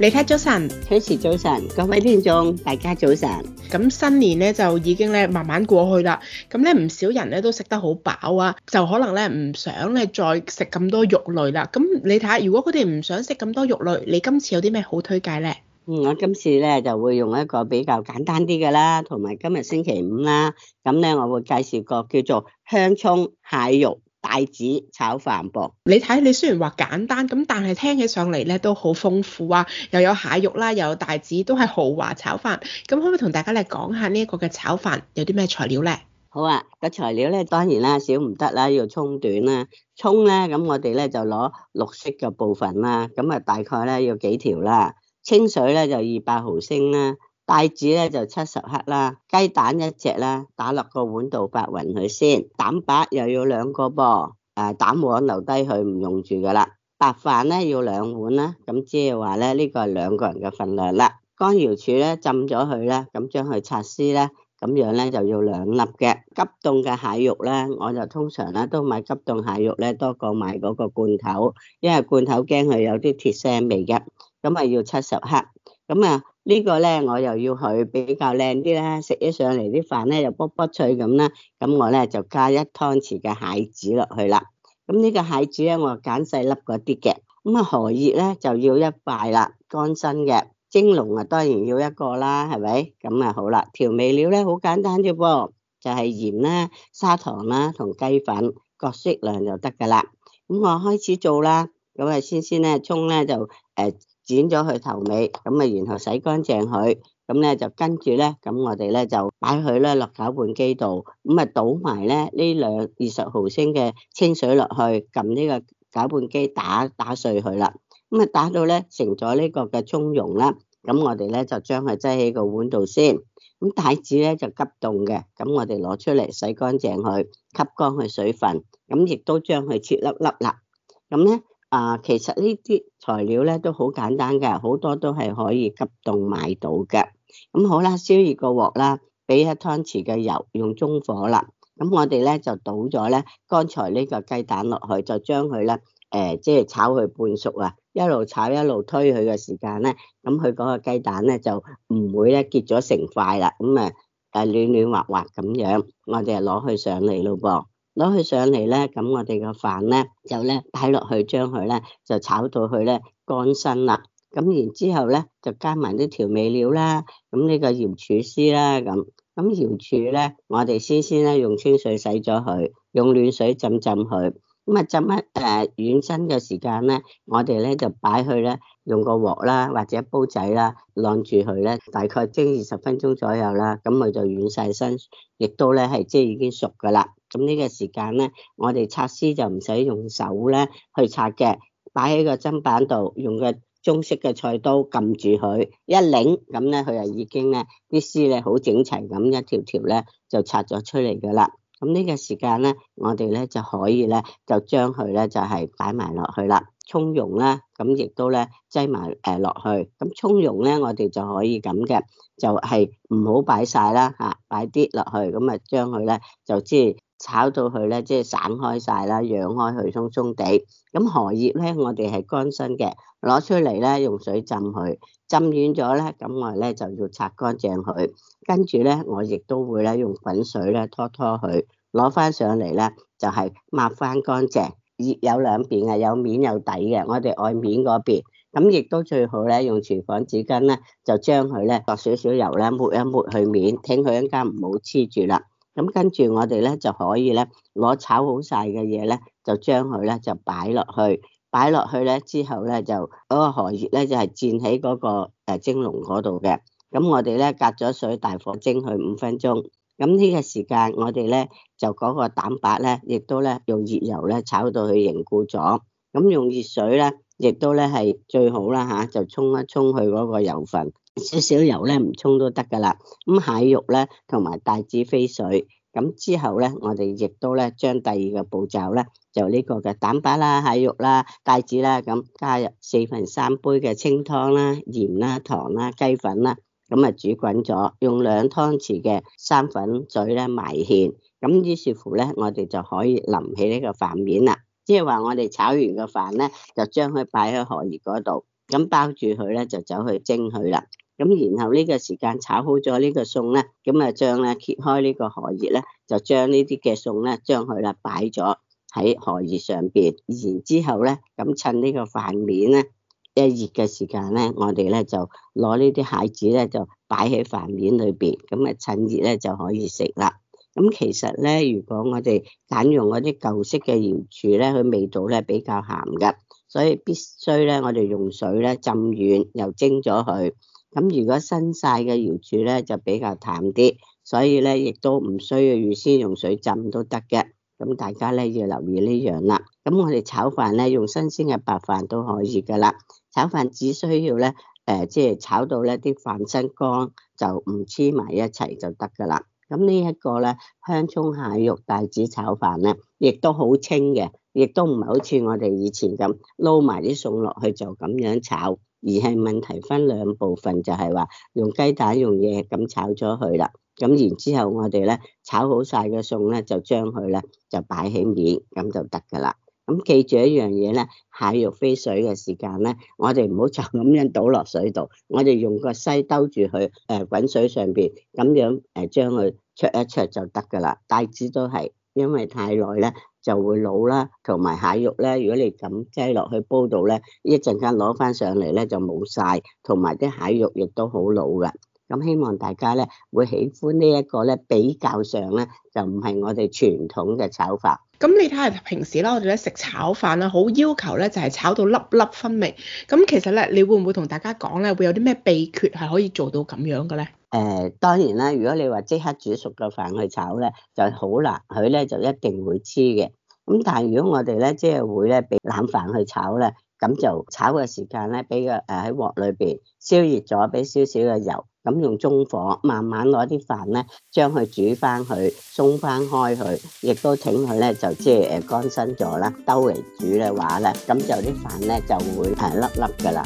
你睇早晨，女士早晨，各位聽眾，大家早晨。咁新年咧，就已經咧慢慢過去啦。咁咧唔少人咧都食得好飽啊，就可能咧唔想咧再食咁多肉類啦。咁你睇下，如果佢哋唔想食咁多肉類，你今次有啲咩好推介咧？嗯，我今次咧就會用一個比較簡單啲嘅啦，同埋今日星期五啦。咁咧我會介紹個叫做香蔥蟹肉。帶子炒飯噃，你睇你雖然話簡單，咁但係聽起上嚟咧都好豐富啊，又有蟹肉啦，又有帶子，都係豪華炒飯。咁可唔可以同大家嚟講下呢一個嘅炒飯有啲咩材料咧？好啊，個材料咧當然啦，少唔得啦，要葱段啦，葱咧咁我哋咧就攞綠色嘅部分啦，咁啊大概咧要幾條啦，清水咧就二百毫升啦。帶子咧就七十克啦，雞蛋一隻啦，打落個碗度發勻佢先，蛋白又要兩個噃，誒、啊、蛋黃留低佢唔用住噶啦，白飯咧要兩碗啦，咁即係話咧呢、這個係兩個人嘅份量啦。乾瑤柱咧浸咗佢咧，咁將佢拆絲咧，咁樣咧就要兩粒嘅。急凍嘅蟹肉咧，我就通常咧都買急凍蟹肉咧多過買嗰個罐頭，因為罐頭驚佢有啲鐵腥味嘅，咁啊要七十克，咁啊。個呢個咧，我又要佢比較靚啲啦，食起上嚟啲飯咧又卜卜脆咁啦。咁我咧就加一湯匙嘅蟹籽落去啦。咁呢個蟹籽咧，我揀細粒嗰啲嘅。咁啊，荷葉咧就要一塊啦，乾身嘅蒸籠啊，當然要一個啦，係咪？咁啊，好啦，調味料咧好簡單啫噃，就係、是、鹽啦、砂糖啦同雞粉各適量就得㗎啦。咁我開始做啦。咁啊，先先咧，葱咧就誒。呃剪咗佢頭尾，咁啊，然後洗乾淨佢，咁咧就跟住咧，咁我哋咧就擺佢咧落攪拌機度，咁啊倒埋咧呢兩二十毫升嘅清水落去，撳呢個攪拌機打打碎佢啦，咁啊打到咧成咗呢個嘅葱蓉啦，咁我哋咧就將佢擠喺個碗度先，咁帶子咧就急凍嘅，咁我哋攞出嚟洗乾淨佢，吸乾佢水分，咁亦都將佢切粒粒啦，咁咧。啊，其實呢啲材料咧都好簡單嘅，好多都係可以急凍買到嘅。咁好啦，燒熱個鑊啦，俾一湯匙嘅油，用中火啦。咁我哋咧就倒咗咧剛才呢個雞蛋落去，就將佢咧誒即係炒佢半熟啊，一路炒一路推佢嘅時間咧，咁佢嗰個雞蛋咧就唔會咧結咗成塊啦。咁誒誒暖暖滑滑咁樣，我哋就攞去上嚟咯噃。攞佢上嚟咧，咁我哋個飯咧就咧擺落去，將佢咧就炒到佢咧乾身啦。咁然之後咧就加埋啲調味料啦，咁呢個瑤柱絲啦，咁咁瑤柱咧，我哋先先咧用清水洗咗佢，用暖水浸浸佢。咁啊浸一誒軟身嘅時間咧，我哋咧就擺去咧用個鑊啦或者煲仔啦晾住佢咧，大概蒸二十分鐘左右啦，咁佢就軟晒身，亦都咧係即係已經熟噶啦。咁呢個時間咧，我哋拆絲就唔使用，用手咧去拆嘅，擺喺個砧板度，用個中式嘅菜刀撳住佢一擰，咁咧佢就已經咧啲絲咧好整齊咁一條條咧就拆咗出嚟噶啦。咁呢個時間咧，我哋咧就可以咧就將佢咧就係擺埋落去啦，葱蓉咧咁亦都咧擠埋誒落去。咁葱蓉咧我哋就可以咁嘅，就係唔好擺晒啦嚇，擺啲落去，咁啊將佢咧就即係。炒到佢咧，即係散開晒啦，揚開去鬆鬆地。咁荷葉咧，我哋係乾身嘅，攞出嚟咧用水浸佢，浸軟咗咧，咁我咧就要擦乾淨佢。跟住咧，我亦都會咧用滾水咧拖拖佢，攞翻上嚟咧就係抹翻乾淨。葉有兩邊嘅，有面有底嘅，我哋外面嗰邊，咁亦都最好咧用廚房紙巾咧就將佢咧落少少油咧抹一抹去面，聽佢一間唔好黐住啦。咁跟住我哋咧就可以咧攞炒好曬嘅嘢咧，就將佢咧就擺落去，擺落去咧之後咧就嗰個荷葉咧就係漸喺嗰個誒蒸籠嗰度嘅。咁我哋咧隔咗水大火蒸佢五分鐘。咁呢個時間我哋咧就嗰個蛋白咧亦都咧用熱油咧炒到佢凝固咗。咁用熱水咧亦都咧係最好啦嚇，就沖一沖去嗰個油份。少少油咧，唔沖都得噶啦。咁蟹肉咧，同埋帶子、飛水。咁之後咧，我哋亦都咧將第二個步驟咧，就呢個嘅蛋白啦、蟹肉啦、帶子啦，咁加入四分三杯嘅清湯啦、鹽啦、糖啦、雞粉啦，咁啊煮滾咗，用兩湯匙嘅生粉水咧埋芡。咁於是乎咧，我哋就可以淋起呢個飯面啦。即係話我哋炒完個飯咧，就將佢擺喺荷葉嗰度，咁包住佢咧，就走去蒸佢啦。咁然後呢個時間炒好咗呢個餸咧，咁啊將咧揭開呢個荷葉咧，就將呢啲嘅餸咧，將佢啦擺咗喺荷葉上邊。然之後咧，咁趁呢個飯面咧一熱嘅時間咧，我哋咧就攞呢啲蟹子咧就擺喺飯面裏邊，咁啊趁熱咧就可以食啦。咁其實咧，如果我哋揀用嗰啲舊式嘅瑤柱咧，佢味道咧比較鹹㗎，所以必須咧我哋用水咧浸軟，又蒸咗佢。咁如果新晒嘅瑤柱咧就比較淡啲，所以咧亦都唔需要預先用水浸都得嘅。咁大家咧要留意呢樣啦。咁我哋炒飯咧用新鮮嘅白飯都可以噶啦。炒飯只需要咧誒、呃，即係炒到呢啲飯身乾就唔黐埋一齊就得噶啦。咁呢一個咧香葱蟹肉帶子炒飯咧，亦都好清嘅，亦都唔係好似我哋以前咁撈埋啲餸落去就咁樣炒。而係問題分兩部分就，就係話用雞蛋用嘢咁炒咗佢啦，咁然之後我哋咧炒好晒嘅餸咧，就將佢咧就擺起面咁就得㗎啦。咁記住一樣嘢咧，蟹肉飛水嘅時間咧，我哋唔好就咁樣倒落水度，我哋用個篩兜住佢，誒、呃、滾水上邊咁樣誒將佢灼一灼就得㗎啦。帶子都係，因為太耐啦。就會老啦，同埋蟹肉咧，如果你咁擠落去煲到咧，一陣間攞翻上嚟咧就冇晒。同埋啲蟹肉亦都好老㗎。咁希望大家咧會喜歡呢一個咧比較上咧就唔係我哋傳統嘅炒法。咁你睇下平時啦，我哋咧食炒飯啦，好要求咧就係炒到粒粒分明。咁其實咧，你會唔會同大家講咧，會有啲咩秘訣係可以做到咁樣嘅咧？誒、呃，當然啦，如果你話即刻煮熟嘅飯去炒咧，就好難，佢咧就一定會黐嘅。咁但係如果我哋咧即係會咧俾冷飯去炒咧，咁就炒嘅時間咧俾個誒喺鑊裏邊燒熱咗，俾少少嘅油。咁用中火慢慢攞啲飯咧，將佢煮翻去，鬆翻開佢，亦都請佢咧就即係誒乾身咗啦。兜嚟煮嘅話咧，咁就啲飯咧就會係粒粒噶啦。